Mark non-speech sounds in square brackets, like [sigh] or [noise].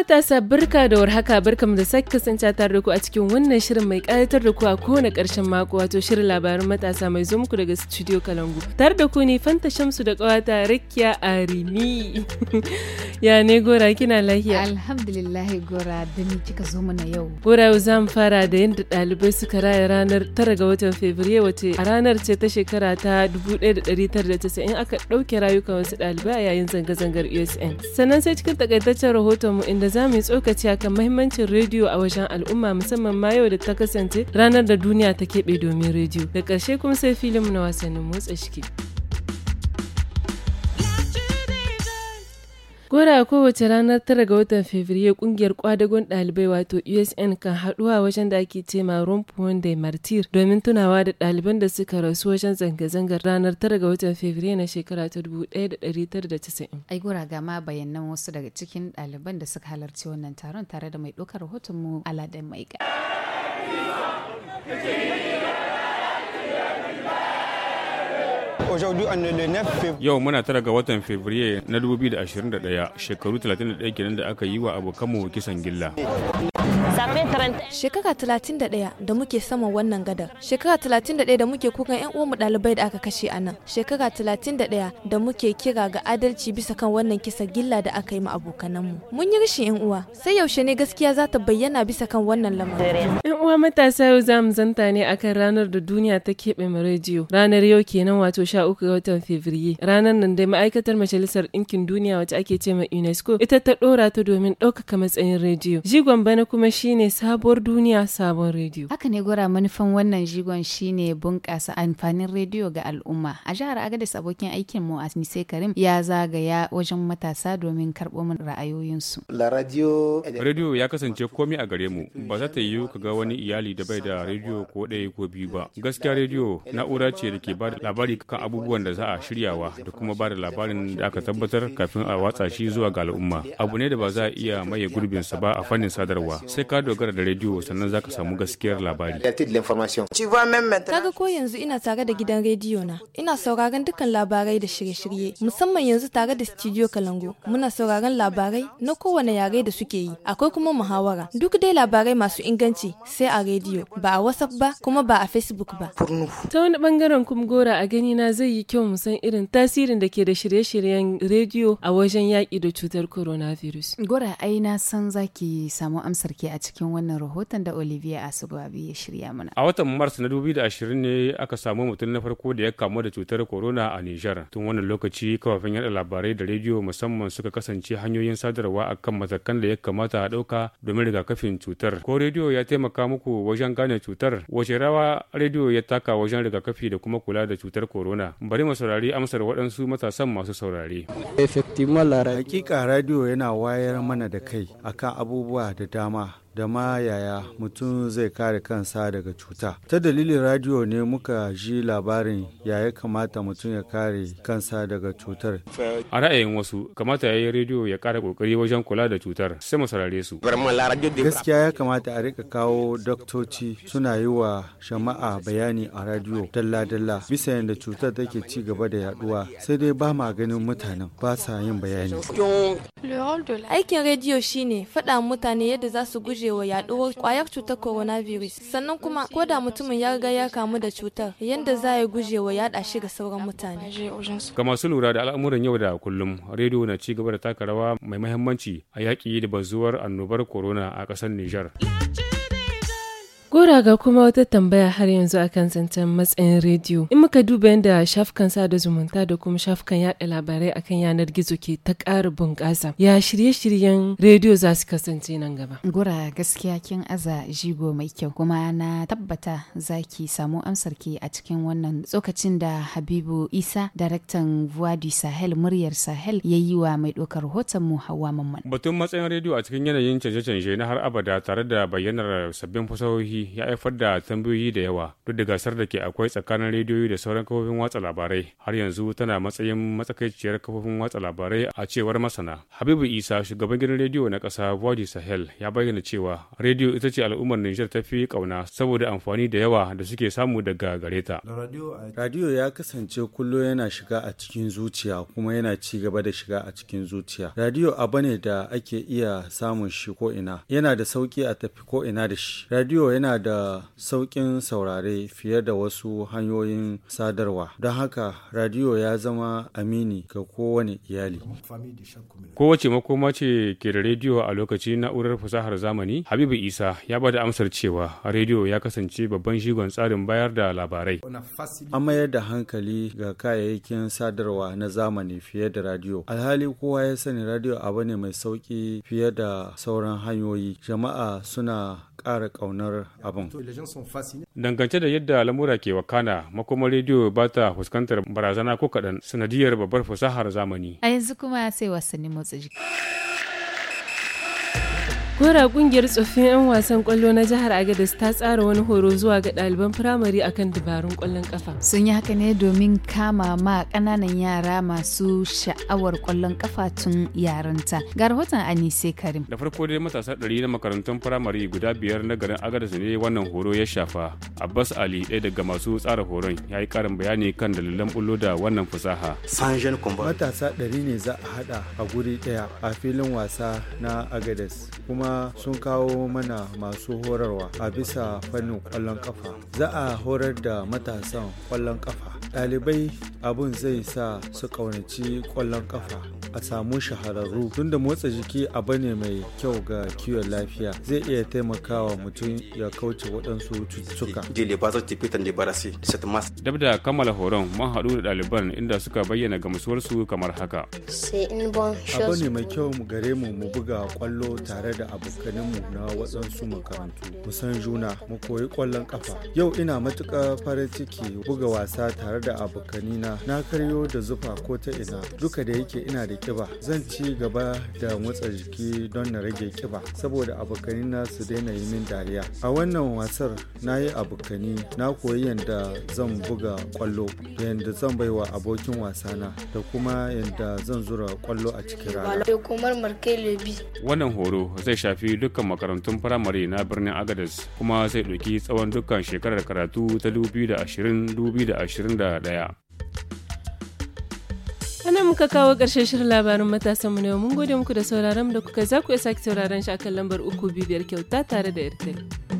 matasa barka da warhaka barkamu da sake kasance tare da ku a cikin wannan shirin mai ƙayatar da ku a kowane karshen mako wato shirin labarin matasa mai zo muku daga studio Kalangu. Tare da ku ne Fanta Shamsu da kawata Rakiya Arimi. [laughs] ya ne gora kina lahiya. alhamdulillahi gora da ni kika zo mana yau gora yau zamu fara da yadda ɗalibai suka raya ranar tara ga watan fevrier wace a ranar ce ta shekara ta 1990 aka ɗauke rayukan wasu dalibai a yayin zanga-zangar usn sannan sai cikin takaitaccen rahoton mu inda za mu yi tsokaci akan mahimmancin rediyo a wajen al'umma musamman ma yau da ta kasance ranar da duniya ta keɓe domin rediyo da ƙarshe kuma sai filin na wasannin motsa shiki. kora a kowace ranar tara ga watan Fabrairu kungiyar kwadagon ɗalibai wato USN kan haɗuwa wajen da ake ce ma Rumfuwan da Martir domin tunawa da ɗaliban da suka rasu wajen zanga-zangar ranar tara ga watan Fabrairu na shekara ta 1990. Ai gora ga ma bayanan wasu daga cikin ɗaliban da suka halarci wannan taron tare da mai ɗaukar rahoton mu Aladan Maika. Yau muna tara ga watan Fabrairu na 2021 shekaru 31 kenan da aka yi wa abokanmu kisan gilla. Shekara 31 da muke saman wannan gadar. Shekara 31 da muke kukan 'yan uwanmu ɗalibai da aka kashe a nan. Shekara 31 da muke kira ga adalci bisa kan wannan kisa gilla da aka yi ma abokananmu. Mun yi rashin 'yan uwa, sai yaushe ne gaskiya za ta bayyana bisa kan wannan lamarin. 'Yan uwa matasa yau za mu zanta ne akan ranar da duniya ta keɓe ma rediyo. Ranar yau kenan wato 13 ga watan Fabrairu. Ranar nan dai ma'aikatar Majalisar Ɗinkin Duniya wacce ake ce ma UNESCO ita ta ɗora ta domin ɗaukaka matsayin rediyo. Jigon bana kuma shi shine sabuwar duniya sabon rediyo. Haka ne gora manufan wannan jigon shine bunƙasa amfanin rediyo ga al'umma. A jihar agadis abokin aikin mu Asnise Karim ya zagaya wajen matasa domin karɓo mun ra'ayoyinsu. Rediyo ya kasance komai a gare mu. Ba za ta yiwu ka ga wani iyali da bai da rediyo ko ɗaya ko biyu ba. Gaskiya rediyo na'ura ce da ke ba da labari kan abubuwan da za a shiryawa da kuma ba da labarin da aka tabbatar kafin a watsa shi zuwa ga al'umma. Abu ne da ba za a iya maye gurbinsa ba a fannin sadarwa. Sai ka ka dogara da rediyo sannan za ka samu gaskiyar labari. Kaga ko yanzu ina tare da gidan rediyo na. Ina sauraron dukkan labarai da shirye-shirye musamman yanzu tare da studio Kalango. Muna sauraron labarai na kowane yare da suke yi. Akwai kuma muhawara. Duk dai labarai masu inganci sai a rediyo ba a WhatsApp ba kuma ba a Facebook ba. Ta wani bangaren kuma gora a gani na zai yi kyau mu san irin tasirin da ke da shirye-shiryen rediyo a wajen yaƙi da cutar coronavirus. Gora ai na san zaki samu amsar ke a cikin wannan rahoton da Olivier biyu ya shirya mana. A watan Mars na 2020 ne aka samu mutum na farko da ya kamu da cutar corona a Nijar. Tun wannan lokaci kafafen yada labarai da rediyo musamman suka kasance hanyoyin sadarwa akan matakan da ya kamata a dauka domin rigakafin cutar. Ko rediyo ya taimaka muku wajen gane cutar? Wace rawa rediyo ya taka wajen rigakafi da kuma kula da cutar corona? Bari mu saurari amsar waɗansu matasan masu saurare. Hakika radiyo yana wayar mana da kai akan abubuwa da dama da ma yaya mutum zai kare kansa daga cuta. Ta dalilin radio ne muka ji labarin ya kamata mutum ya kare kansa daga cutar. A ra'ayin wasu, kamata ya yi rediyo ya kara kokari wajen kula da cutar sai mu sarare su. Gaskiya ya kamata a rika kawo daktoci suna yi wa shama'a bayani a radio dalla-dalla bisa yadda cutar take ci gaba da yaduwa sai dai ba ma ganin mutanen ba sa yin bayani. Aikin rediyo shine faɗa mutane yadda za su guji gujewa yaduwar kwayar cutar coronavirus sannan kuma ko da mutumin ya riga ya kamu da cutar yadda za ya gujewa yada shi ga sauran mutane. Ga masu lura da al'amuran yau da kullum rediyo na ci gaba da taka rawa mai mahimmanci a yaƙi da bazuwar annobar corona a ƙasar Nijar. Gora ga kuma wata tambaya har yanzu akan zancen matsayin rediyo. In muka duba yadda shafukan sada zumunta da kuma shafukan yada labarai akan yanar gizo ke ta ƙara bunƙasa, ya shirye-shiryen rediyo za su kasance nan gaba. Gora gaskiya kin aza jigo mai kyau kuma na tabbata za ki samu amsar ke a cikin wannan tsokacin da Habibu Isa, daraktan Vuadi Sahel muryar Sahel ya yi wa mai ɗaukar hoton mu Hawwa Mamman. Batun matsayin rediyo a cikin yanayin canje-canje na har abada tare da bayyanar sabbin fasahohi ya haifar da tambayoyi da yawa duk da gasar da ke akwai tsakanin rediyoyi da sauran kafofin watsa labarai har yanzu tana matsayin matsakaiciyar kafofin watsa labarai a cewar masana habibu isa shugaban gidan rediyo na ƙasa wadi sahel ya bayyana cewa rediyo ita ce al'ummar nijar ta fi kauna saboda amfani da yawa da suke samu daga gareta. ta radiyo ya kasance kullo yana shiga a cikin zuciya kuma yana ci gaba da shiga a cikin zuciya radiyo abu ne da ake iya samun shi ko ina yana da sauki a tafi ko ina da shi radiyo yana yana da sauƙin saurare fiye da wasu hanyoyin sadarwa don haka radiyo ya zama amini ga kowane iyali kowace makoma ce ke da rediyo a lokaci na'urar fasahar zamani habibu isa ya bada amsar cewa rediyo ya kasance babban shigon tsarin bayar da labarai an mayar da hankali ga kayayyakin sadarwa na zamani fiye da radiyo alhali kowa ya sani radiyo abu ne mai sauƙi fiye da sauran hanyoyi jama'a suna ƙara ƙaunar abin. Dangance da yadda lamura ke wakana, makoma rediyo ba ta fuskantar barazana ko kaɗan sanadiyar babbar fasahar zamani. A yanzu kuma sai wasannin motsa jiki. kora kungiyar tsoffin 'yan wasan kwallo na jihar agadas ta tsara wani horo zuwa ga ɗaliban firamare akan dabarun kwallon kafa. Sun yi haka ne domin kama ma ƙananan yara masu sha'awar kwallon kafa tun yaranta. Ga rahoton Anise Karim. Da farko dai matasa ɗari na makarantun firamare guda biyar na garin Agadez ne wannan horo ya shafa. Abbas Ali ɗaya daga masu tsara horon ya yi ƙarin bayani kan dalilan bullo da wannan fasaha. Matasa ɗari ne za a haɗa a guri ɗaya a filin wasa na agadas kuma kuma sun kawo mana masu horarwa a bisa fannin kwallon kafa za a horar da matasan kwallon kafa ɗalibai abun zai sa su kaunaci kwallon kafa a samu shahararru tunda motsa jiki abu ne mai kyau ga kiwon lafiya zai iya taimakawa mutum ya kauce waɗansu cututtuka. Dab da kammala horon mun haɗu da ɗaliban inda suka bayyana gamsuwarsu kamar haka. Abu ne mai kyau mu gare mu mu buga kwallo tare da abokanmu na waɗansu makarantu. Mu san juna mu koyi kwallon kafa. Yau ina matuƙar farin ciki buga wasa tare da abokanina na karyo da zufa ko ta ina duka da yake ina da kiba zan ci gaba da motsa jiki don na rage kiba saboda abokanin na su daina yi min dariya a wannan wasar na yi abokani na koyi yadda zan buga kwallo da yadda zan baiwa abokin wasana da kuma yadda zan zura kwallo a cikin rana wannan horo zai shafi dukkan makarantun firamare na birnin agadas kuma zai ɗauki tsawon dukkan shekarar karatu ta 2020-2021 Ana muka kawo ƙarshen shirin labarin matasan mu ne mun gode muku da sauraron da kuka za ku iya sake sauraron shi akan lambar uku biyar kyauta tare da Airtel.